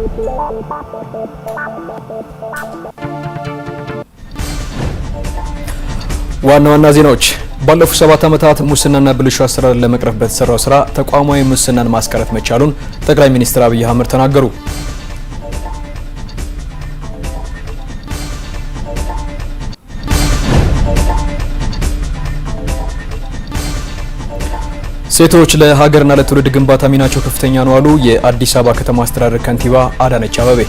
ዋና ዋና ዜናዎች ባለፉት ሰባት ዓመታት ሙስናና ብልሹ አሰራር ለመቅረፍ በተሰራው ስራ ተቋማዊ ሙስናን ማስቀረት መቻሉን ጠቅላይ ሚኒስትር አብይ አህመድ ተናገሩ። ሴቶች ለሀገርና ለትውልድ ግንባታ ሚናቸው ከፍተኛ ነው አሉ የአዲስ አበባ ከተማ አስተዳደር ከንቲባ አዳነች አበቤ።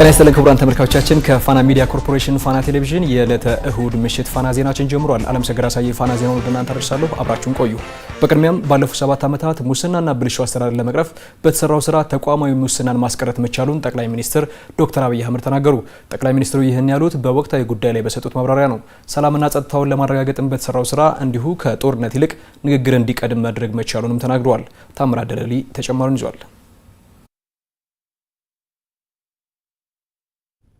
ጤና ይስጥልን ክቡራን ተመልካቾቻችን፣ ከፋና ሚዲያ ኮርፖሬሽን ፋና ቴሌቪዥን የዕለተ እሁድ ምሽት ፋና ዜናችን ጀምሯል። አለም ሰገድ አሳየ ፋና ዜናውን ወደ እናንተ አደርሳለሁ። አብራችሁን ቆዩ። በቅድሚያም ባለፉት ሰባት ዓመታት ሙስናና ብልሹ አሰራር ለመቅረፍ በተሰራው ስራ ተቋማዊ ሙስናን ማስቀረት መቻሉን ጠቅላይ ሚኒስትር ዶክተር አብይ አህመድ ተናገሩ። ጠቅላይ ሚኒስትሩ ይህን ያሉት በወቅታዊ ጉዳይ ላይ በሰጡት ማብራሪያ ነው። ሰላምና ጸጥታውን ለማረጋገጥም በተሰራው ስራ እንዲሁ ከጦርነት ይልቅ ንግግር እንዲቀድም ማድረግ መቻሉንም ተናግረዋል። ታምራት ደለሊ ተጨማሪውን ይዟል።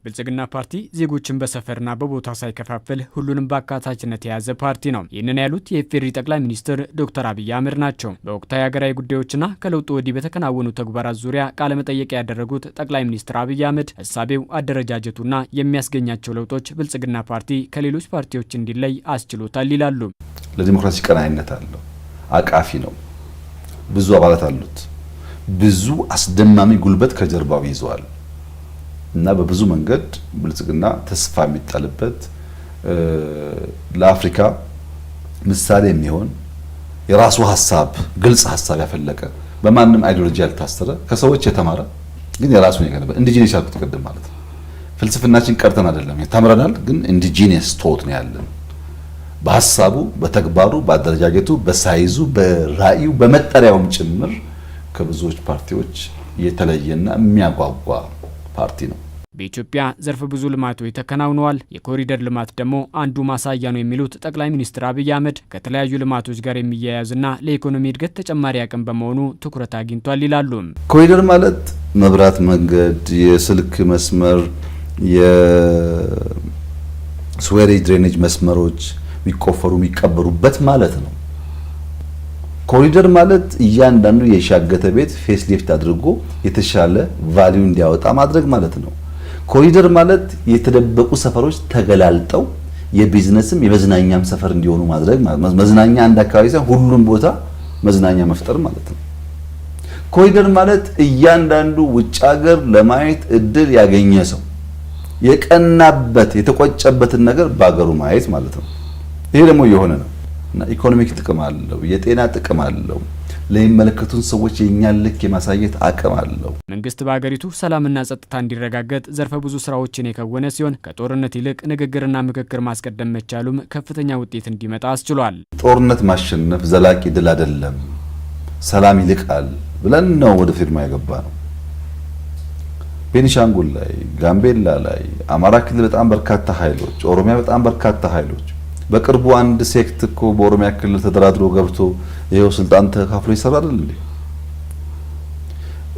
ብልጽግና ፓርቲ ዜጎችን በሰፈርና በቦታ ሳይከፋፍል ሁሉንም በአካታችነት የያዘ ፓርቲ ነው። ይህንን ያሉት የኢፌዴሪ ጠቅላይ ሚኒስትር ዶክተር አብይ አህመድ ናቸው። በወቅታዊ ሀገራዊ ጉዳዮችና ከለውጡ ወዲህ በተከናወኑ ተግባራት ዙሪያ ቃለመጠየቅ ያደረጉት ጠቅላይ ሚኒስትር አብይ አህመድ እሳቤው፣ አደረጃጀቱና የሚያስገኛቸው ለውጦች ብልጽግና ፓርቲ ከሌሎች ፓርቲዎች እንዲለይ አስችሎታል ይላሉ። ለዲሞክራሲ ቀናይነት አለው፣ አቃፊ ነው፣ ብዙ አባላት አሉት፣ ብዙ አስደማሚ ጉልበት ከጀርባው ይዘዋል። እና በብዙ መንገድ ብልጽግና ተስፋ የሚጣልበት ለአፍሪካ ምሳሌ የሚሆን የራሱ ሀሳብ ግልጽ ሀሳብ ያፈለቀ በማንም አይዲዮሎጂ ያልታሰረ ከሰዎች የተማረ ግን የራሱን የገነበ ኢንዲጂነስ ያልኩት ቅድም ማለት ነው። ፍልስፍናችን ቀርተን አይደለም ተምረናል፣ ግን ኢንዲጂነስ ቶት ነው ያለን። በሀሳቡ፣ በተግባሩ፣ በአደረጃጀቱ፣ በሳይዙ፣ በራእዩ፣ በመጠሪያውም ጭምር ከብዙዎች ፓርቲዎች የተለየና የሚያጓጓ ፓርቲ ነው። በኢትዮጵያ ዘርፈ ብዙ ልማቶች ተከናውነዋል። የኮሪደር ልማት ደግሞ አንዱ ማሳያ ነው የሚሉት ጠቅላይ ሚኒስትር አብይ አህመድ ከተለያዩ ልማቶች ጋር የሚያያዝና ለኢኮኖሚ እድገት ተጨማሪ አቅም በመሆኑ ትኩረት አግኝቷል ይላሉ። ኮሪደር ማለት መብራት፣ መንገድ፣ የስልክ መስመር፣ የስዌሬጅ ድሬኔጅ መስመሮች የሚቆፈሩ የሚቀበሩበት ማለት ነው። ኮሪደር ማለት እያንዳንዱ የሻገተ ቤት ፌስ ሊፍት አድርጎ የተሻለ ቫሊዩ እንዲያወጣ ማድረግ ማለት ነው። ኮሪደር ማለት የተደበቁ ሰፈሮች ተገላልጠው የቢዝነስም የመዝናኛም ሰፈር እንዲሆኑ ማድረግ ማለት መዝናኛ አንድ አካባቢ ሳይሆን ሁሉም ቦታ መዝናኛ መፍጠር ማለት ነው። ኮሪደር ማለት እያንዳንዱ ውጭ ሀገር ለማየት እድል ያገኘ ሰው የቀናበት የተቆጨበትን ነገር በሀገሩ ማየት ማለት ነው። ይሄ ደግሞ የሆነ ነው። እና ኢኮኖሚክ ጥቅም አለው፣ የጤና ጥቅም አለው፣ ለሚመለከቱን ሰዎች የእኛ ልክ የማሳየት አቅም አለው። መንግስት በሀገሪቱ ሰላምና ጸጥታ እንዲረጋገጥ ዘርፈ ብዙ ስራዎችን የከወነ ሲሆን ከጦርነት ይልቅ ንግግርና ምክክር ማስቀደም መቻሉም ከፍተኛ ውጤት እንዲመጣ አስችሏል። ጦርነት ማሸነፍ ዘላቂ ድል አይደለም፣ ሰላም ይልቃል ብለን ነው ወደ ፊርማ የገባ ነው። ቤኒሻንጉል ላይ፣ ጋምቤላ ላይ፣ አማራ ክልል በጣም በርካታ ኃይሎች፣ ኦሮሚያ በጣም በርካታ ኃይሎች በቅርቡ አንድ ሴክት እኮ በኦሮሚያ ክልል ተደራድሮ ገብቶ ይኸው ስልጣን ተካፍሎ ይሰራ አይደል እንዴ?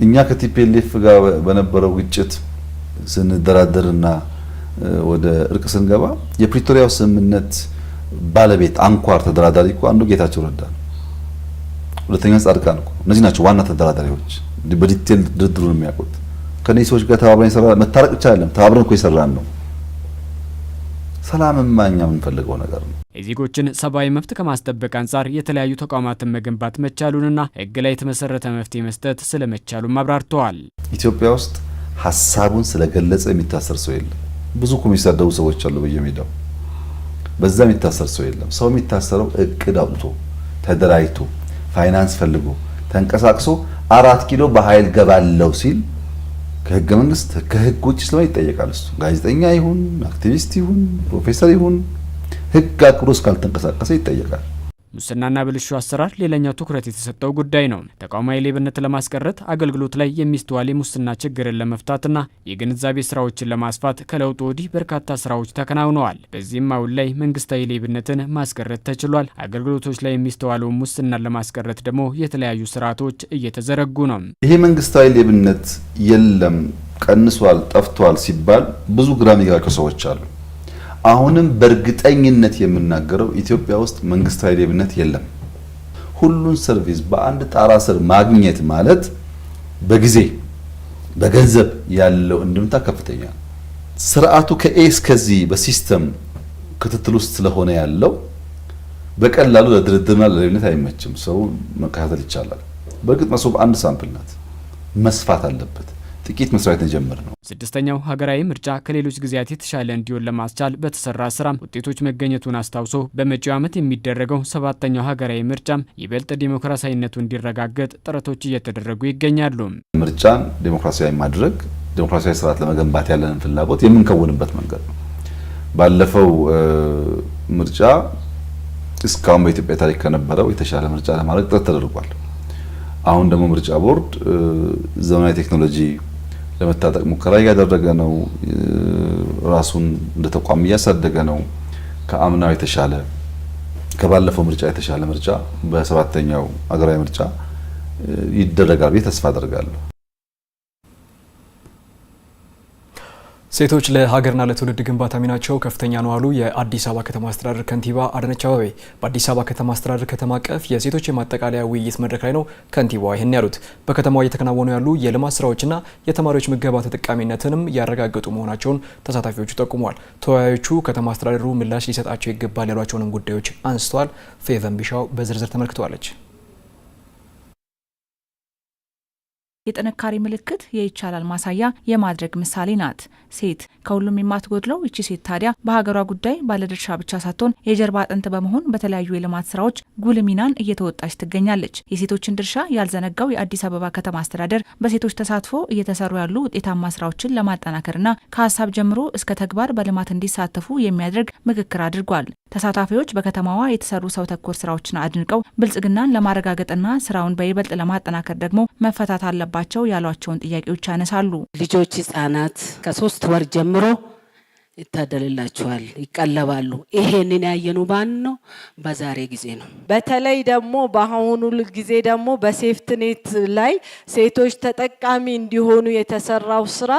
እኛ ከቲፒኤልኤፍ ጋር በነበረው ግጭት ስንደራደርና ወደ እርቅ ስንገባ የፕሪቶሪያው ስምምነት ባለቤት አንኳር ተደራዳሪ እኮ አንዱ ጌታቸው ረዳ ነው። ሁለተኛ ጻድቃን እኮ እነዚህ ናቸው ዋና ተደራዳሪዎች፣ በዲቴል ድርድሩን የሚያውቁት ከነዚህ ሰዎች ጋር ተባብረን ይሰራ መታረቅ ብቻ አይደለም ተባብረን እኮ የሰራን ነው። ሰላም ማኛ የምንፈልገው ነገር ነው። የዜጎችን ሰብአዊ መብት ከማስጠበቅ አንጻር የተለያዩ ተቋማትን መገንባት መቻሉንና ህግ ላይ የተመሰረተ መፍትሄ መስጠት ስለመቻሉም አብራርተዋል። ኢትዮጵያ ውስጥ ሀሳቡን ስለገለጸ የሚታሰር ሰው የለም። ብዙ እኮ የሚሳደቡ ሰዎች አሉ በየሜዳው፣ በዛ የሚታሰር ሰው የለም። ሰው የሚታሰረው እቅድ አውጥቶ ተደራጅቶ ፋይናንስ ፈልጎ ተንቀሳቅሶ አራት ኪሎ በኃይል ገባለው ሲል ከህገ መንግስት ከህግ ውጭ ስለማይ ይጠየቃል። እሱ ጋዜጠኛ ይሁን አክቲቪስት ይሁን ፕሮፌሰር ይሁን ህግ አክብሮ እስካልተንቀሳቀሰ ይጠየቃል። ሙስናና ብልሹ አሰራር ሌላኛው ትኩረት የተሰጠው ጉዳይ ነው። ተቋማዊ ሌብነት ለማስቀረት አገልግሎት ላይ የሚስተዋል የሙስና ችግርን ለመፍታትና የግንዛቤ ስራዎችን ለማስፋት ከለውጡ ወዲህ በርካታ ስራዎች ተከናውነዋል። በዚህም አሁን ላይ መንግስታዊ ሌብነትን ማስቀረት ተችሏል። አገልግሎቶች ላይ የሚስተዋለውን ሙስናን ለማስቀረት ደግሞ የተለያዩ ስርዓቶች እየተዘረጉ ነው። ይሄ መንግስታዊ ሌብነት የለም፣ ቀንሷል፣ ጠፍቷል ሲባል ብዙ ግራ የሚገባቸው ሰዎች አሉ። አሁንም በእርግጠኝነት የምናገረው ኢትዮጵያ ውስጥ መንግስታዊ ሌብነት የለም። ሁሉን ሰርቪስ በአንድ ጣራ ስር ማግኘት ማለት በጊዜ በገንዘብ ያለው እንድምታ ከፍተኛ ነው። ስርዓቱ ከኤ እስከዚህ በሲስተም ክትትል ውስጥ ስለሆነ ያለው በቀላሉ ለድርድርና ለሌብነት አይመችም። ሰው መከታተል ይቻላል። በእርግጥ መሶብ አንድ ሳምፕል ናት፣ መስፋት አለበት። ጥቂት መስራት የጀመር ነው። ስድስተኛው ሀገራዊ ምርጫ ከሌሎች ጊዜያት የተሻለ እንዲሆን ለማስቻል በተሰራ ስራ ውጤቶች መገኘቱን አስታውሶ በመጪው ዓመት የሚደረገው ሰባተኛው ሀገራዊ ምርጫ ይበልጥ ዲሞክራሲያዊነቱ እንዲረጋገጥ ጥረቶች እየተደረጉ ይገኛሉ። ምርጫን ዲሞክራሲያዊ ማድረግ ዲሞክራሲያዊ ስርዓት ለመገንባት ያለንን ፍላጎት የምንከውንበት መንገድ ነው። ባለፈው ምርጫ እስካሁን በኢትዮጵያ ታሪክ ከነበረው የተሻለ ምርጫ ለማድረግ ጥረት ተደርጓል። አሁን ደግሞ ምርጫ ቦርድ ዘመናዊ ቴክኖሎጂ ለመታጠቅ ሙከራ እያደረገ ነው። ራሱን እንደ ተቋም እያሳደገ ነው። ከአምናው የተሻለ ከባለፈው ምርጫ የተሻለ ምርጫ በሰባተኛው አገራዊ ምርጫ ይደረጋል ብዬ ተስፋ አደርጋለሁ። ሴቶች ለሀገርና ለትውልድ ግንባታ ሚናቸው ከፍተኛ ነው አሉ የአዲስ አበባ ከተማ አስተዳደር ከንቲባ አዳነች አበቤ በአዲስ አበባ ከተማ አስተዳደር ከተማ አቀፍ የሴቶች የማጠቃለያ ውይይት መድረክ ላይ ነው ከንቲባዋ ይህን ያሉት። በከተማዋ እየተከናወኑ ያሉ የልማት ስራዎችና የተማሪዎች ምገባ ተጠቃሚነትንም ያረጋገጡ መሆናቸውን ተሳታፊዎቹ ጠቁመዋል። ተወያዮቹ ከተማ አስተዳደሩ ምላሽ ሊሰጣቸው ይገባል ያሏቸውንም ጉዳዮች አንስተዋል። ፌቨን ቢሻው በዝርዝር ተመልክተዋለች። የጥንካሬ ምልክት፣ የይቻላል ማሳያ፣ የማድረግ ምሳሌ ናት። ሴት ከሁሉም የማትጎድለው ይቺ ሴት ታዲያ በሀገሯ ጉዳይ ባለድርሻ ብቻ ሳትሆን የጀርባ አጥንት በመሆን በተለያዩ የልማት ስራዎች ጉልህ ሚናን እየተወጣች ትገኛለች። የሴቶችን ድርሻ ያልዘነጋው የአዲስ አበባ ከተማ አስተዳደር በሴቶች ተሳትፎ እየተሰሩ ያሉ ውጤታማ ስራዎችን ለማጠናከርና ከሀሳብ ጀምሮ እስከ ተግባር በልማት እንዲሳተፉ የሚያደርግ ምክክር አድርጓል። ተሳታፊዎች በከተማዋ የተሰሩ ሰው ተኮር ስራዎችን አድንቀው ብልጽግናን ለማረጋገጥና ስራውን በይበልጥ ለማጠናከር ደግሞ መፈታት አለ አለባቸው ያሏቸውን ጥያቄዎች ያነሳሉ። ልጆች ህጻናት ከሶስት ወር ጀምሮ ይታደልላችኋል፣ ይቀለባሉ። ይሄንን ያየኑ ባን ነው በዛሬ ጊዜ ነው። በተለይ ደግሞ በአሁኑ ጊዜ ደግሞ በሴፍትኔት ላይ ሴቶች ተጠቃሚ እንዲሆኑ የተሰራው ስራ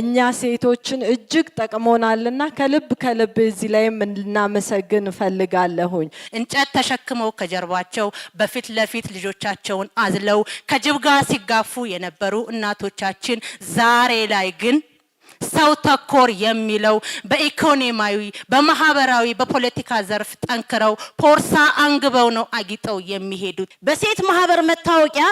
እኛ ሴቶችን እጅግ ጠቅሞናልና ከልብ ከልብ እዚህ ላይም እናመሰግን እፈልጋለሁኝ። እንጨት ተሸክመው ከጀርባቸው በፊት ለፊት ልጆቻቸውን አዝለው ከጅብ ጋር ሲጋፉ የነበሩ እናቶቻችን ዛሬ ላይ ግን ሰው ተኮር የሚለው በኢኮኖሚያዊ፣ በማህበራዊ፣ በፖለቲካ ዘርፍ ጠንክረው ፖርሳ አንግበው ነው አጊጠው የሚሄዱት። በሴት ማህበር መታወቂያ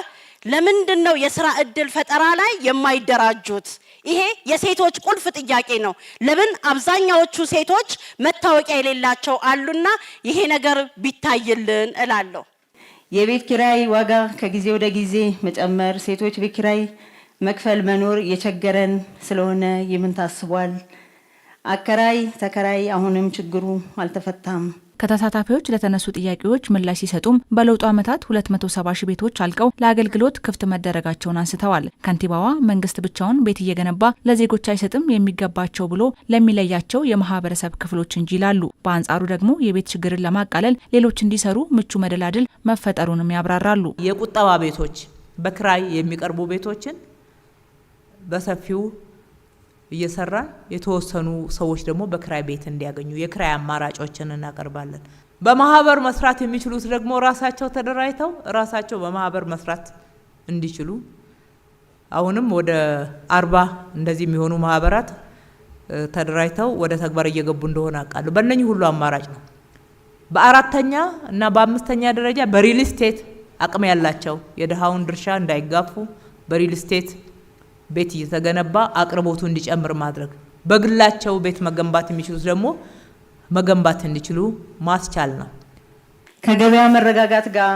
ለምንድን ነው የስራ እድል ፈጠራ ላይ የማይደራጁት? ይሄ የሴቶች ቁልፍ ጥያቄ ነው። ለምን አብዛኛዎቹ ሴቶች መታወቂያ የሌላቸው አሉና ይሄ ነገር ቢታይልን እላለሁ። የቤት ኪራይ ዋጋ ከጊዜ ወደ ጊዜ መጨመር ሴቶች ቤት ኪራይ መክፈል መኖር የቸገረን ስለሆነ ይምን ታስቧል? አከራይ ተከራይ አሁንም ችግሩ አልተፈታም። ከተሳታፊዎች ለተነሱ ጥያቄዎች ምላሽ ሲሰጡም በለውጡ ዓመታት 270 ሺህ ቤቶች አልቀው ለአገልግሎት ክፍት መደረጋቸውን አንስተዋል። ከንቲባዋ መንግስት ብቻውን ቤት እየገነባ ለዜጎች አይሰጥም የሚገባቸው ብሎ ለሚለያቸው የማህበረሰብ ክፍሎች እንጂ ይላሉ። በአንጻሩ ደግሞ የቤት ችግርን ለማቃለል ሌሎች እንዲሰሩ ምቹ መደላድል መፈጠሩንም ያብራራሉ። የቁጠባ ቤቶች፣ በክራይ የሚቀርቡ ቤቶችን በሰፊው እየሰራ የተወሰኑ ሰዎች ደግሞ በክራይ ቤት እንዲያገኙ የክራይ አማራጮችን እናቀርባለን። በማህበር መስራት የሚችሉት ደግሞ ራሳቸው ተደራጅተው ራሳቸው በማህበር መስራት እንዲችሉ አሁንም ወደ አርባ እንደዚህ የሚሆኑ ማህበራት ተደራጅተው ወደ ተግባር እየገቡ እንደሆነ አውቃለሁ። በእነኚህ ሁሉ አማራጭ ነው። በአራተኛ እና በአምስተኛ ደረጃ በሪል ስቴት አቅም ያላቸው የድሃውን ድርሻ እንዳይጋፉ በሪል ስቴት ቤት እየተገነባ አቅርቦቱ እንዲጨምር ማድረግ፣ በግላቸው ቤት መገንባት የሚችሉት ደግሞ መገንባት እንዲችሉ ማስቻል ነው። ከገበያ መረጋጋት ጋር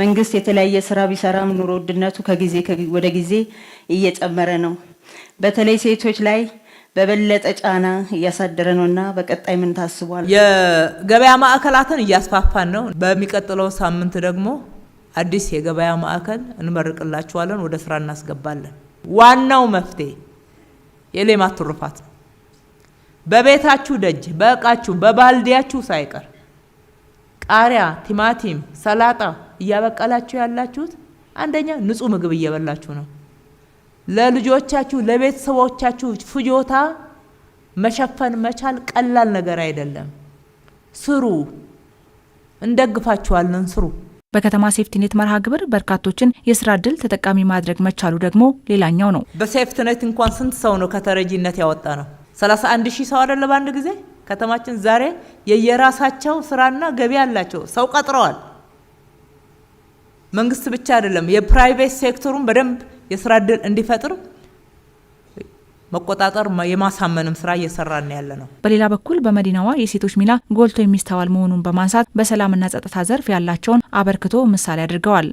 መንግስት የተለያየ ስራ ቢሰራም ኑሮ ውድነቱ ከጊዜ ወደ ጊዜ እየጨመረ ነው። በተለይ ሴቶች ላይ በበለጠ ጫና እያሳደረ ነው እና በቀጣይ ምን ታስቧል? የገበያ ማዕከላትን እያስፋፋን ነው። በሚቀጥለው ሳምንት ደግሞ አዲስ የገበያ ማዕከል እንመርቅላችኋለን፣ ወደ ስራ እናስገባለን። ዋናው መፍትሄ የሌማት ትሩፋት ነው። በቤታችሁ ደጅ፣ በእቃችሁ፣ በባልዲያችሁ ሳይቀር ቃሪያ፣ ቲማቲም፣ ሰላጣ እያበቀላችሁ ያላችሁት አንደኛ ንጹህ ምግብ እየበላችሁ ነው። ለልጆቻችሁ ለቤተሰቦቻችሁ ፍጆታ መሸፈን መቻል ቀላል ነገር አይደለም። ስሩ፣ እንደግፋችኋለን። ስሩ። በከተማ ሴፍቲኔት መርሃ ግብር በርካቶችን የስራ እድል ተጠቃሚ ማድረግ መቻሉ ደግሞ ሌላኛው ነው። በሴፍቲኔት እንኳን ስንት ሰው ነው ከተረጂነት ያወጣ ነው? 31 ሺህ ሰው አደለ በአንድ ጊዜ ከተማችን ዛሬ የየራሳቸው ስራና ገቢ አላቸው። ሰው ቀጥረዋል። መንግስት ብቻ አይደለም፣ የፕራይቬት ሴክተሩን በደንብ የስራ እድል እንዲፈጥር መቆጣጠር የማሳመንም ስራ እየሰራን ያለ ነው። በሌላ በኩል በመዲናዋ የሴቶች ሚና ጎልቶ የሚስተዋል መሆኑን በማንሳት በሰላምና ጸጥታ ዘርፍ ያላቸውን አበርክቶ ምሳሌ አድርገዋል።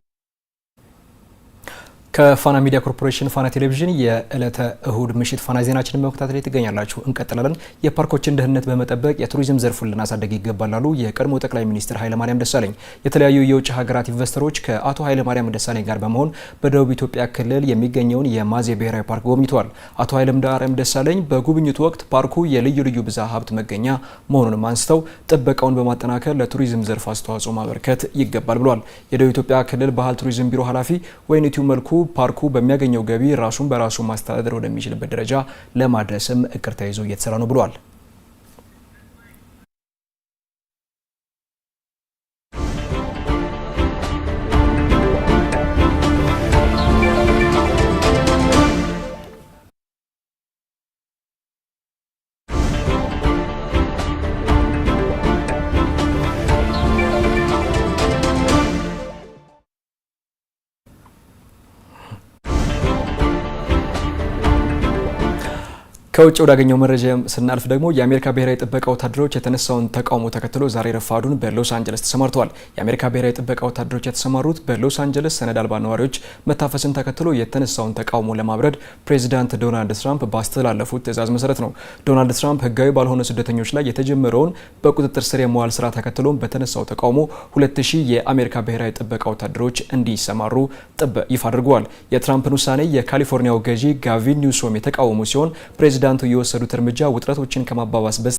ከፋና ሚዲያ ኮርፖሬሽን ፋና ቴሌቪዥን የዕለተ እሁድ ምሽት ፋና ዜናችን በመከታተል ላይ ትገኛላችሁ። እንቀጥላለን። የፓርኮችን ደህንነት በመጠበቅ የቱሪዝም ዘርፉን ልናሳደግ ይገባል አሉ የቀድሞ ጠቅላይ ሚኒስትር ኃይለማርያም ደሳለኝ። የተለያዩ የውጭ ሀገራት ኢንቨስተሮች ከአቶ ኃይለማርያም ደሳለኝ ጋር በመሆን በደቡብ ኢትዮጵያ ክልል የሚገኘውን የማዜ ብሔራዊ ፓርክ ጎብኝተዋል። አቶ ኃይለማርያም ደሳለኝ በጉብኝቱ ወቅት ፓርኩ የልዩ ልዩ ብዝሃ ሀብት መገኛ መሆኑንም አንስተው ጥበቃውን በማጠናከር ለቱሪዝም ዘርፍ አስተዋጽኦ ማበርከት ይገባል ብለዋል። የደቡብ ኢትዮጵያ ክልል ባህል ቱሪዝም ቢሮ ኃላፊ ወይንቲዩ መልኩ ፓርኩ በሚያገኘው ገቢ ራሱን በራሱ ማስተዳደር ወደሚችልበት ደረጃ ለማድረስም እቅድ ተይዞ እየተሰራ ነው ብሏል። ከውጭ ወዳገኘው መረጃ ስናልፍ ደግሞ የአሜሪካ ብሔራዊ ጥበቃ ወታደሮች የተነሳውን ተቃውሞ ተከትሎ ዛሬ ረፋዱን በሎስ አንጀለስ ተሰማርተዋል። የአሜሪካ ብሔራዊ ጥበቃ ወታደሮች የተሰማሩት በሎስ አንጀለስ ሰነድ አልባ ነዋሪዎች መታፈስን ተከትሎ የተነሳውን ተቃውሞ ለማብረድ ፕሬዚዳንት ዶናልድ ትራምፕ ባስተላለፉት ትዕዛዝ መሰረት ነው። ዶናልድ ትራምፕ ህጋዊ ባልሆነ ስደተኞች ላይ የተጀመረውን በቁጥጥር ስር የመዋል ስራ ተከትሎም በተነሳው ተቃውሞ 2000 የአሜሪካ ብሔራዊ ጥበቃ ወታደሮች እንዲሰማሩ ይፋ አድርገዋል። የትራምፕን ውሳኔ የካሊፎርኒያው ገዢ ጋቪን ኒውሶም የተቃወሙ ሲሆን ፕሬዚዳንቱ የወሰዱት እርምጃ ውጥረቶችን ከማባባስ በስ